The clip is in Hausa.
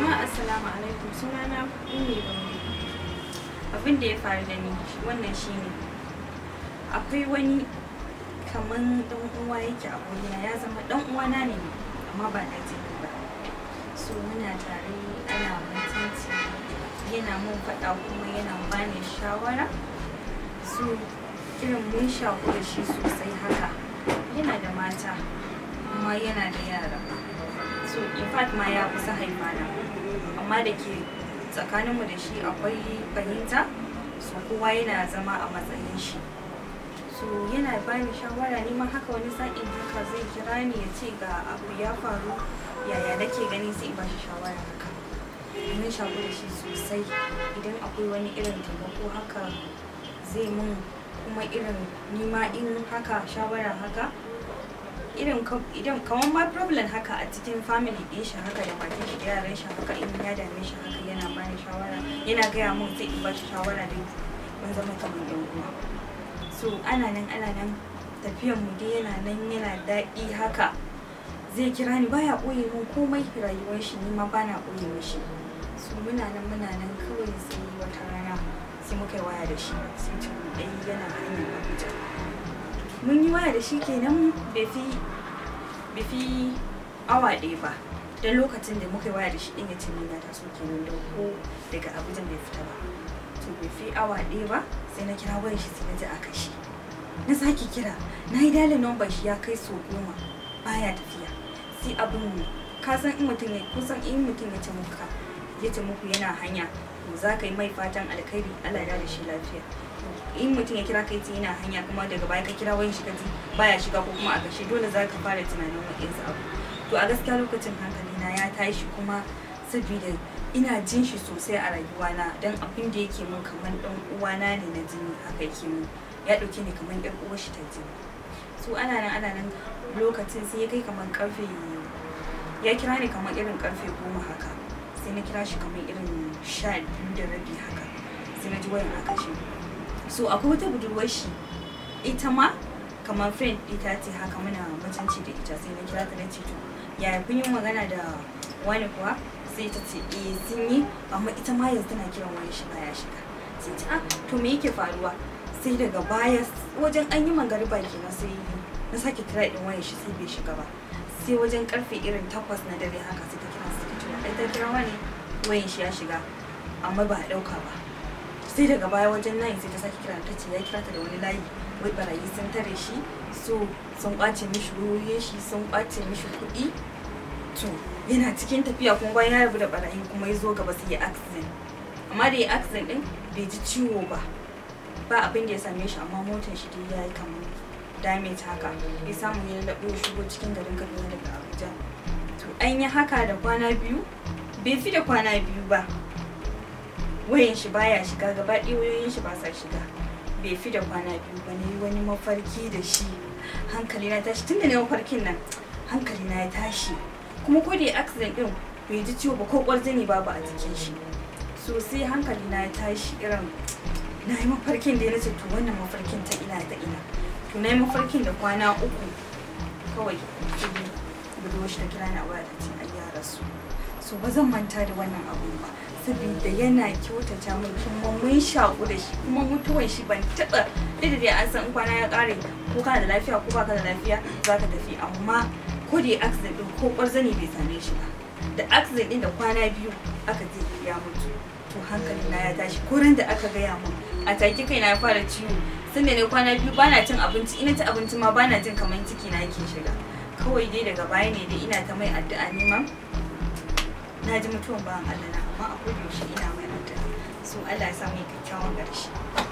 Jama'a assalamu alaikum sunana Ummi Abin da ya faru da ni wannan shine akwai wani kaman dan uwa yake a gona ya zama dan uwana ne amma ba na jini ba. So muna tare ana mutunci yana mun faɗa kuma yana bani shawara. So irin mun shaku da shi sosai haka yana da mata kuma yana da yara. so in fact ma ya kusa haifa na amma da ke tsakaninmu da shi akwai fahimta so kowa yana zama a matsayin shi so yana ba ni shawara ni ma haka wani sa'in haka zai kira ni ya ce ga abu ya faru yaya nake gani sai in shi shawara haka mun shaku da shi sosai idan akwai wani irin taimako haka zai mun kuma irin nima in haka shawara haka irin idan kamar ma problem haka a cikin family ɗin shi haka da matan shi yaran shi haka in ya dame shi haka yana ni shawara yana gaya mun zai in ba shi shawara da mun zama kamar yan uwa so ana nan ana nan tafiyan mu dai yana nan yana daɗi haka zai kira ni baya ɓoye mu komai rayuwar shi ni ma bana ɓoye shi. so muna nan muna nan kawai sai wata rana sai muka yi waya da shi sai ce ɗaya yana hanyar Abuja mun yi waya da shi kenan bai fi bifi awa ɗaya ba don lokacin da muka waya da shi ɗin ya ce min ya taso kenan da ko daga abuja bai fita ba to bifi awa ɗaya ba sai na kira wayar shi sai na ji a kashi na sake kira na yi dalin nomba shi ya kai so goma baya tafiya sai abin ka san in mutum ya kusan in mutum ya ce muka ya muku yana hanya za ka yi mai fatan alkhairi Allah ya da shi lafiya in mutum ya kira kai yana hanya kuma daga baya ka kira wani shi baya shiga ko kuma a kashe dole za ka fara tunanin waɗansu abu to a gaskiya lokacin hankali na ya tashi kuma saboda ina jin shi sosai a rayuwana don abin da yake mun kamar ɗan uwana ne na jini haka yake mun ya ɗauke ni kamar ƴar uwar shi ta jini so ana nan ana nan lokacin sai ya kai kamar karfe ya kira ni kamar irin karfe goma haka sai na kira shi kamar irin sha biyu da rabi haka sai na ji wayan aka shi so akwai wata budurwar shi ita ma kamar friend ita ce haka muna mutunci da ita sai na kira ta na ce to yaya kun yi magana da wani kuwa sai ta ce eh sun yi amma ita ma yanzu tana kiran wani shi baya shiga sai ta ah, to me yake faruwa sai daga baya wajen an yi magariba kenan sai na sake kira din wani shi sai bai shiga ba sai wajen karfe irin takwas na dare haka sai ta ya tattara mani wayan shi ya shiga amma ba a ɗauka ba sai daga baya wajen layin sai ta sake kira ta ce ya kira ta da wani layi wai barayi sun tare shi so sun kwace mishi ruwoyin shi sun kwace mishi kuɗi to yana cikin tafiya kuma bayan ya rabu da barayi kuma ya zo gaba sai ya accident amma da ya accident din bai ji ciwo ba ba abin da ya same shi amma motar shi dai ya yi kamar damage haka ya samu ya laɓo shigo cikin garin kaduna daga abuja to an yi haka da kwana biyu bai fi da kwana biyu ba wayan shi baya shiga gaba wayoyin shi ba sa shiga bai fi da kwana biyu ba ne wani mafarki da shi hankali na tashi tunda ne mafarkin nan hankali na ya tashi kuma ko da ya accident din bai ji ciwo ba ko kwarzani babu a jikin shi sosai hankali na ya tashi irin na yi mafarkin da ya nace to wannan mafarkin ta ina ta ina to na yi mafarkin da kwana uku kawai budurwar ta kira ni a waya ta ce an gyara su so ba zan manta da wannan abun ba saboda yana kyautata min kuma mun shaku da shi kuma mutuwan shi ban taɓa da dai an san kwana ya ƙare ko kana da lafiya ko baka da lafiya za ka tafi amma ko da accident ɗin ko ƙwarzani bai same shi ba da accident ɗin da kwana biyu aka je ya mutu to hankali na ya tashi ko da aka gaya min a taki kai na ya fara ciwo sanda ne kwana biyu bana cin abinci ina ci abinci ma bana jin kamar ciki na yake shiga kawai dai daga baya ne dai ina ta mai addu'a neman na ji mutuwan ba Allah amma a kodayaushe ina mai addu'a so Allah ya sa mai kyakkyawan ƙarshe